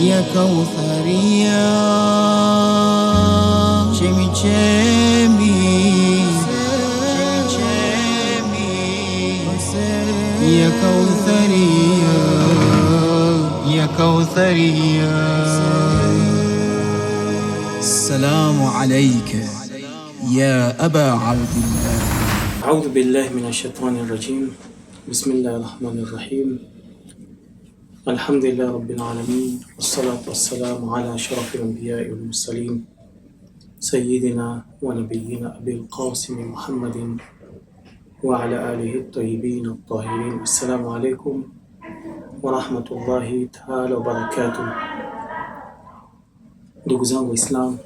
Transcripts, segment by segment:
يا كوثري يا شمي شمي يا كوثريا يا كوثريا السلام عليك يا أبا عبد الله أعوذ بالله من الشيطان الرجيم بسم الله الرحمن الرحيم الحمد لله رب العالمين والصلاة والسلام على شرف الأنبياء والمرسلين سيدنا ونبينا أبي القاسم محمد وعلى آله الطيبين الطاهرين السلام عليكم ورحمة الله تعالى وبركاته Ndugu وإسلام Waislamu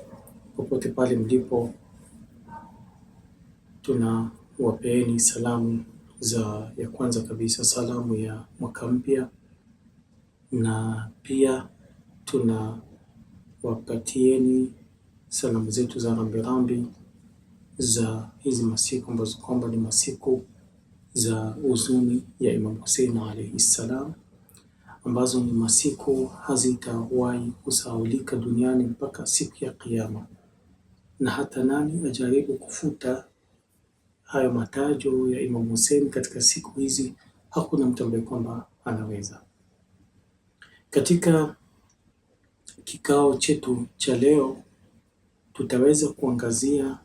popote pale mlipo, tuna wapeeni salamu za ya kwanza kabisa, salamu ya mwaka mpya na pia tunawapatieni salamu zetu za rambirambi za hizi masiku ambazo kwamba ni masiku za huzuni ya Imam Hussein alayhi salam, ambazo ni masiku hazitawahi kusahaulika duniani mpaka siku ya Kiyama, na hata nani ajaribu kufuta hayo matajo ya Imam Hussein katika siku hizi, hakuna mtu ambaye kwamba anaweza. Katika kikao chetu cha leo tutaweza kuangazia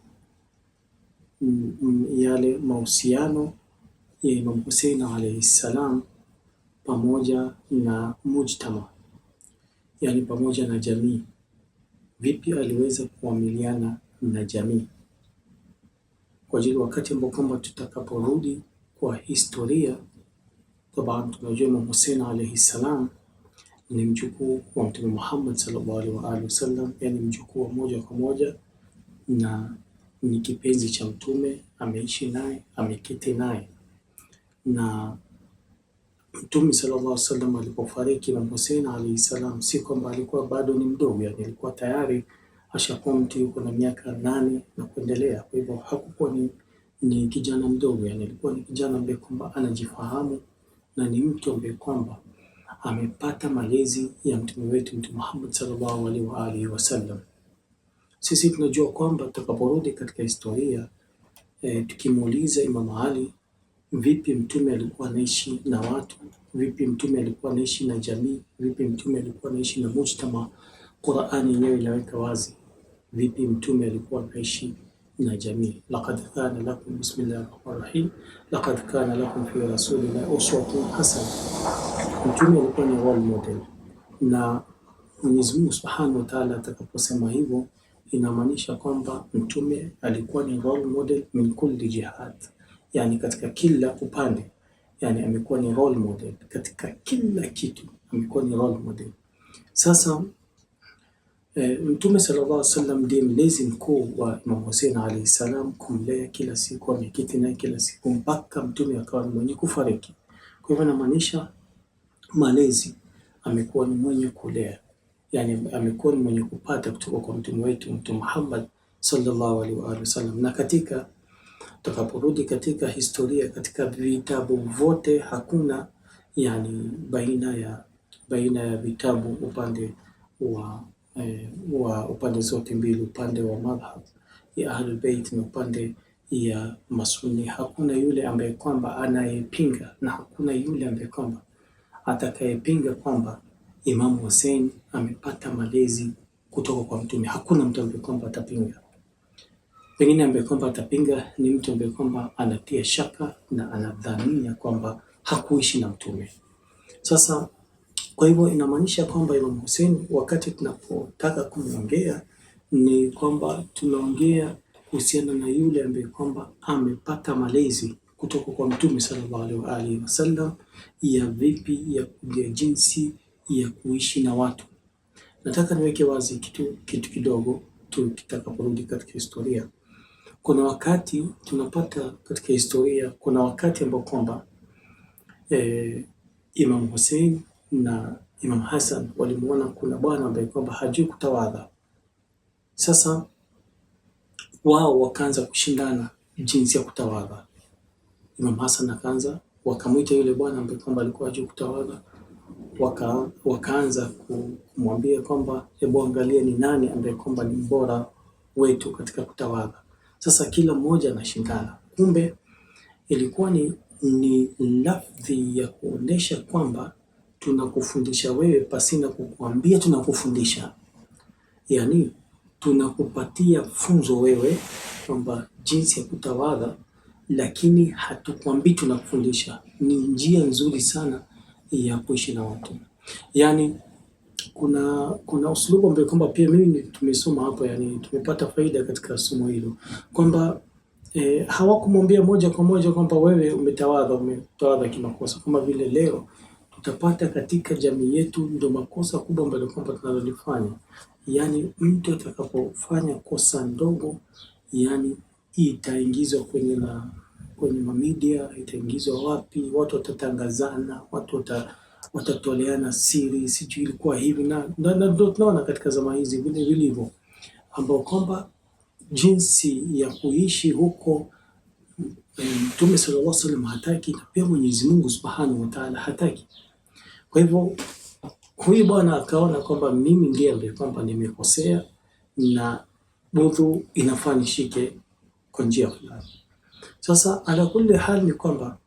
mm, mm, yale mahusiano ya Imam Hussein alaihi salam pamoja na mujtama, yaani pamoja na jamii. Vipi aliweza kuamiliana na jamii, kwa ajili wakati ambao kwamba tutakaporudi kwa historia, kwa sababu tunajua Imam Hussein alaihi salam ni mjukuu wa Mtume Muhammad sallallahu alaihi wa alihi wasallam, yani mjukuu wa moja kwa moja na ni kipenzi cha Mtume, ameishi naye, ameketi naye. Na Mtume sallallahu alaihi wasallam alipofariki na Hussein alaihi salam, si kwamba alikuwa bado ni mdogo, yani alikuwa tayari ashakuwa mtu yuko na miaka nane na kuendelea. Kwa hivyo hakukuwa ni, ni kijana mdogo, yani alikuwa ni kijana ambaye kwamba anajifahamu na ni mtu ambaye kwamba amepata malezi ya mtume wetu Mtume Muhammad sallallahu alaihi wa alihi wasallam. Sisi tunajua kwamba tutakaporudi katika historia e, tukimuuliza Imam Ali vipi mtume alikuwa anaishi na watu, vipi mtume alikuwa anaishi na jamii, vipi mtume alikuwa anaishi na mujtama, Qur'ani yenyewe inaweka wazi vipi mtume alikuwa anaishi na jamii. Laqad kana lakum, bismillahir rahmanir rahim, laqad kana lakum fi rasulina uswatun hasana. Mtume alikuwa ni role model, na Mwenyezi Mungu Subhanahu wa Ta'ala atakaposema hivyo inamaanisha kwamba mtume alikuwa ni role model min kulli jihad, yani katika kila upande, yani amekuwa ni role model katika kila kitu, amekuwa ni role model. Sasa Eh, mtume sallallahu alaihi wasallam ndiye mlezi mkuu wa Imam Hussein alayhi salam, kumlea kila siku, ameketi naye kila siku mpaka mtume akawa ni mwenye kufariki. Kwa hivyo namaanisha malezi, amekuwa ni mwenye kulea, yani amekuwa ni mwenye kupata kutoka kwa mtume wetu Mtume Muhammad sallallahu alaihi wa Na katika tutakaporudi katika historia, katika vitabu vyote hakuna yani baina ya baina ya vitabu upande wa Eh, wa upande zote mbili, upande wa madhhab ya Ahlul Bait na upande ya Masuni. Hakuna yule ambaye kwamba anayepinga na hakuna yule ambaye kwamba atakayepinga kwamba Imam Hussein amepata malezi kutoka kwa Mtume. Hakuna mtu ambaye kwamba atapinga. Pengine ambaye kwamba atapinga ni mtu ambaye kwamba anatia shaka na anadhania kwamba hakuishi na Mtume. Sasa kwa hivyo inamaanisha kwamba Imam Hussein, wakati tunapotaka kumwongea ni kwamba tunaongea kuhusiana na yule ambaye kwamba amepata malezi kutoka kwa Mtume sallallahu alaihi wa alihi wasallam ya vipi ya kujia jinsi ya kuishi na watu. Nataka niweke wazi kitu, kitu kidogo tukitakaporudi katika historia. Kuna wakati tunapata katika historia, kuna wakati ambao kwamba eh, Imam Hussein na Imam Hassan walimuona kuna bwana ambaye kwamba hajui kutawadha. Sasa wao wakaanza kushindana jinsi ya kutawadha. Imam Hassan akaanza, wakamwita yule bwana ambaye kwamba alikuwa hajui kutawadha, waka, wakaanza kumwambia kwamba hebu angalia ni nani ambaye kwamba ni mbora wetu katika kutawadha. Sasa kila mmoja anashindana, kumbe ilikuwa ni, ni lafdhi ya kuonesha kwamba tunakufundisha wewe pasina kukuambia tunakufundisha, yaani tunakupatia funzo wewe kwamba jinsi ya kutawadha, lakini hatukwambii tunakufundisha. Ni njia nzuri sana ya kuishi na watu, yaani kuna kuna usulubu ambayo kwamba pia mimi tumesoma hapo, yani tumepata faida katika somo hilo kwamba e, hawakumwambia moja kwa moja kwamba wewe umetawadha umetawadha kimakosa, kama vile leo utapata katika jamii yetu ndio makosa kubwa ambayo kwamba tunalolifanya, yaani mtu atakapofanya kosa ndogo, yani itaingizwa kwenye la kwenye mamidia, itaingizwa wapi, watu watatangazana, watu wata, watatoleana siri, sijui ilikuwa hivi na ndio tunaona katika zama hizi vile vilivyo, ambao kwamba jinsi ya kuishi huko eh, Mtume sallallahu alaihi wasallam hataki na pia Mwenyezi Mungu Subhanahu wa Ta'ala hataki. Kwa hivyo huyu bwana akaona kwamba mimi ndiye kwamba nimekosea na udhu inafaa nishike kwa njia fulani. Sasa ala kulli hal ni kwamba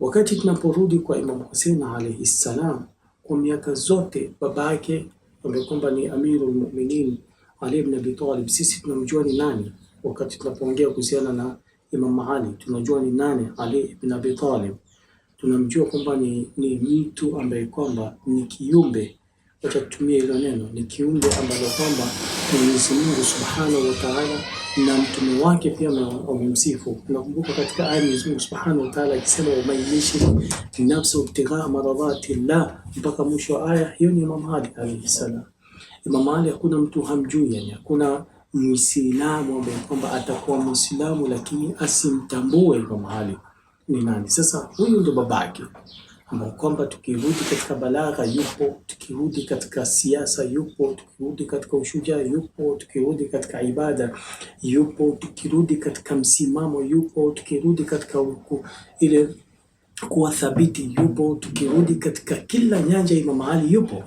wakati tunaporudi kwa Imam Hussein alayhi salam, kwa miaka zote baba yake ambaye kwamba ni Amirul Mu'minin Ali ibn Abi Talib, sisi tunamjua ni nani. Wakati tunapoongea kuhusiana na Imam Ali tunajua ni nani, Ali ibn Abi Talib tunamjua kwamba ni, ni mtu ambaye kwamba ni kiumbe, wacha tutumie hilo neno, ni kiumbe ambalo kwamba Mwenyezi Mungu Subhanahu wa Ta'ala na mtume wake pia wamemsifu. Nakumbuka katika aya Mwenyezi Mungu Subhanahu wa Ta'ala akisema waman yushrik nafsahu ibtighaa maradhati llah, mpaka mwisho wa aya hiyo. Ni Imam Ali alayhi salam. Imam Ali hakuna mtu hamjui, yani hakuna Muislamu ambaye kwamba atakuwa Muislamu lakini asimtambue Imam Ali ni nani? Sasa huyu ndio babake, ambao kwamba tukirudi katika balagha yupo, tukirudi katika siasa yupo, tukirudi katika ushujaa yupo, tukirudi katika ibada yupo, tukirudi katika msimamo yupo, tukirudi katika uku, ile kuwa thabiti yupo, tukirudi katika kila nyanja Imam Ali yupo.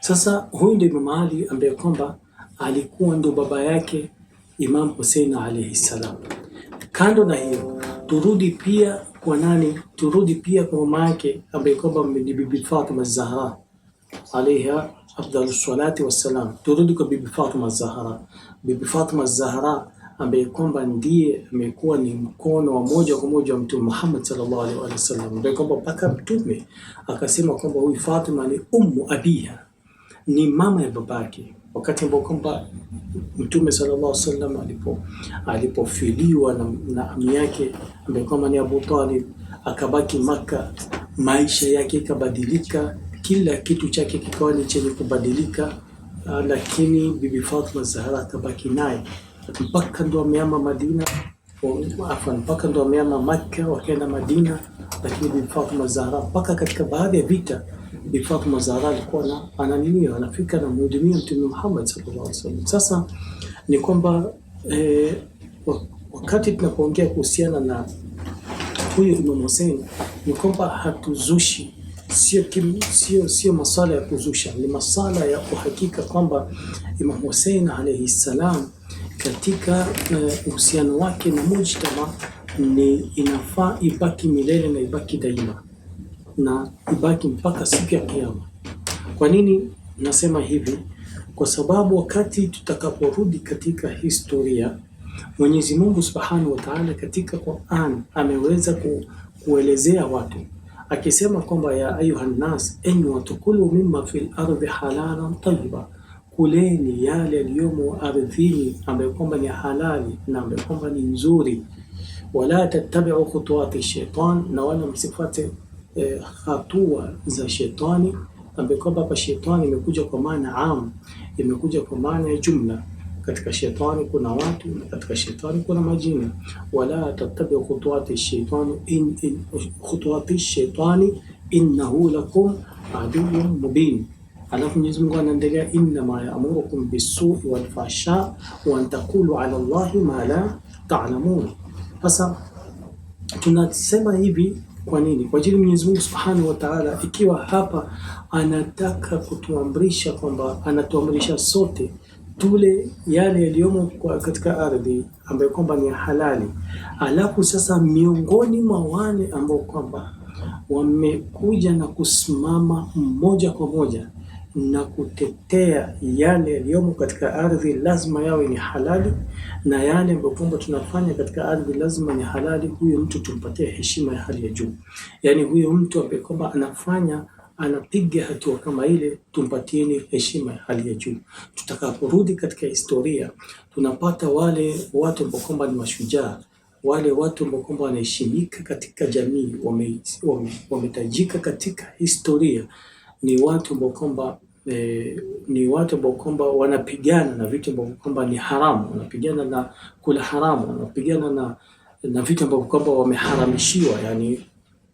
Sasa huyu ndio Imam Ali ambaye kwamba alikuwa ndo baba yake Imam Hussein alayhi salam. Kando na hiyo turudi pia kwa nani? Turudi pia kwa mama yake ambaye kwamba ni Bibi Fatima Zahra alaiha afdalu salati wassalam. Turudi kwa Bibi Fatima Zahra, Bibi Fatima Zahra ambaye kwamba ndiye amekuwa ni mkono wa moja kwa moja wa Mtume Muhammad sallallahu alaihi wasallam, ambaye kwamba mpaka Mtume akasema kwamba huyu Fatima ni ummu abiha ni mama ya babake, wakati ambao kwamba Mtume sallallahu alaihi wasallam alipo alipofiliwa na, na ami yake ambaye kwamba ni Abu Talib, akabaki Maka, maisha yake ikabadilika, kila kitu chake kikawa ni chenye kubadilika, ah, lakini Bibi Fatma Zahra akabaki naye mpaka ndo ameama Madina afan mpaka ndo ameama Makka, wakaenda Madina, lakini Bibi Fatma Zahra mpaka katika baadhi ya vita Bi Fatuma Zahra alikuwa ananiniwa anafika na mhudumia Mtume Muhammad sallallahu alaihi wasallam. Sasa ni kwamba e, wakati tunapoongea kuhusiana na huyu Imam Hussein ni kwamba hatuzushi sio, sio, sio masala ya kuzusha, ni masala ya uhakika kwamba Imam Hussein alayhi salam katika eh, uhusiano wake na mujtama ni inafaa ibaki milele na ibaki daima na ibaki mpaka siku ya Kiyama. Kwa nini nasema hivi? Kwa sababu wakati tutakaporudi katika historia, Mwenyezi Mungu Subhanahu wa Ta'ala katika Qur'an ameweza ku, kuelezea watu akisema kwamba ya ayuhan nas, enyi watu, kulu mimma fil ardhi halalan tayyiba, kuleni yale yaliyomo ardhini ambayo kwamba ni halali na ambayo kwamba ni nzuri, wala tattabi'u khutuwati shaitan, na wala msifuate eh, hatua za shetani ambaye kwamba hapa shetani imekuja kwa maana am, imekuja kwa maana ya jumla. Katika shetani kuna watu na katika shetani kuna majini. wala tattabi'u khutuwati shaitani in, in, khutuwati shaitani innahu lakum aduwwun mubin. Alafu Mwenyezi Mungu anaendelea, innama ya'murukum bis wal-fahsha wa an 'ala Allahi ma la ta'lamun. Sasa tunasema hivi kwa nini? Kwa ajili Mwenyezi Mungu Subhanahu wa Ta'ala, ikiwa hapa anataka kutuamrisha kwamba anatuamrisha sote tule yale yaliyomo katika ardhi ambayo kwamba ni halali, alafu sasa miongoni mwa wale ambao kwamba wamekuja na kusimama moja kwa moja na kutetea yale yaliyomo katika ardhi lazima yawe ni halali, na yale ambayo kwamba tunafanya katika ardhi lazima ni halali. huyo mtu tumpatie heshima ya hali ya juu, yaani huyo mtu ambaye kwamba anafanya anapiga hatua kama ile, tumpatieni heshima ya hali ya juu. Tutakaporudi katika historia, tunapata wale watu ambao kwamba ni mashujaa wale watu ambao kwamba wanaheshimika katika jamii wametajika wame, wame katika historia ni watu ambao kwamba e, ni watu ambao kwamba wanapigana na vitu ambavyo kwamba ni haramu, wanapigana na kula haramu, wanapigana na, na vitu ambavyo kwamba wameharamishiwa. Yani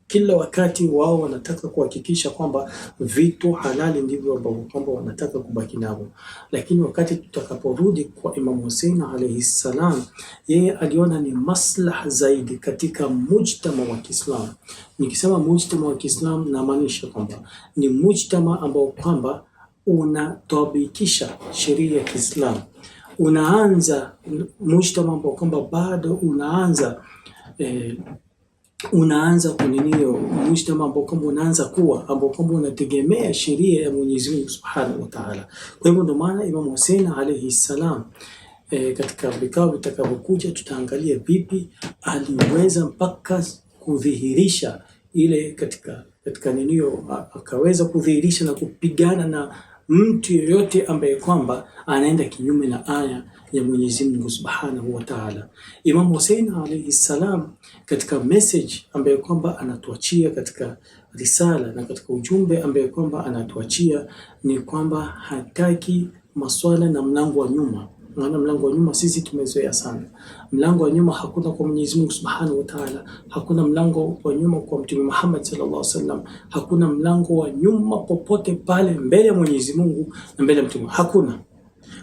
kila wakati wao wanataka kuhakikisha kwamba vitu halali ndivyo ambavyo kwamba wanataka kubaki navyo, lakini wakati tutakaporudi kwa Imam Hussein alayhi salam, yeye aliona ni maslaha zaidi katika mujtama wa Kiislamu. Nikisema mujtama wa Kiislamu, namaanisha kwamba ni mujtama ambao kwamba unatobikisha sheria ya Kiislamu, unaanza mujtama ambao kwamba bado unaanza eh, unaanza kuninio mujtama ambao kwamba unaanza kuwa ambao kwamba unategemea sheria ya Mwenyezi Mungu Subhanahu wa Ta'ala. Kwa hivyo ndio maana Imam Hussein alayhi salam eh, katika vikao vitakavyokuja tutaangalia vipi aliweza mpaka kudhihirisha ile katika katika ninio akaweza kudhihirisha na kupigana na mtu yeyote ambaye kwamba anaenda kinyume na aya ya Mwenyezi Mungu Subhanahu wa Ta'ala. Imam Hussein alayhi salam katika message ambaye kwamba anatuachia katika risala na katika ujumbe ambaye kwamba anatuachia ni kwamba hataki maswala na mlango wa nyuma maana mlango wa nyuma sisi tumezoea sana. Mlango wa nyuma hakuna kwa Mwenyezi Mungu Subhanahu wa Ta'ala, hakuna mlango wa nyuma kwa Mtume Muhammad sallallahu alaihi wasallam, hakuna mlango wa nyuma popote pale mbele ya Mwenyezi Mungu na mbele ya mtume, hakuna.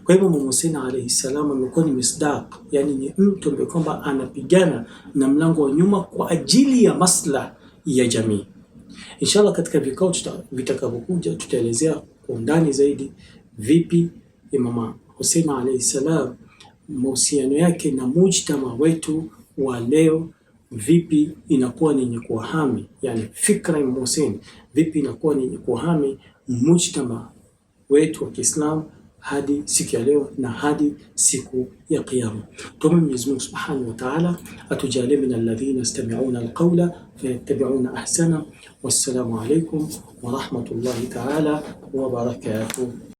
Kwa hivyo Mama Hussein alayhi salam amekuwa ni misdaq, yani ni mtu ambaye kwamba anapigana na mlango wa nyuma kwa ajili ya masla ya jamii. Inshallah, katika vikao vitakavyokuja tutaelezea kwa undani zaidi vipi Imam Hussein alayhi salam, mahusiano yake na mujtama wetu wa leo vipi inakuwa ni yenye kuwahami, yani fikra ya Hussein vipi inakuwa ni yenye kuwahami mujtama wetu wa Kiislamu hadi siku ya leo na hadi siku ya Kiyama. Tuombe Mwenyezi Mungu Subhanahu wa Ta'ala atujalie min alladhina yastami'una alqawla fayattabi'una ahsana. Wassalamu alaykum wa rahmatullahi ta'ala wa barakatuh.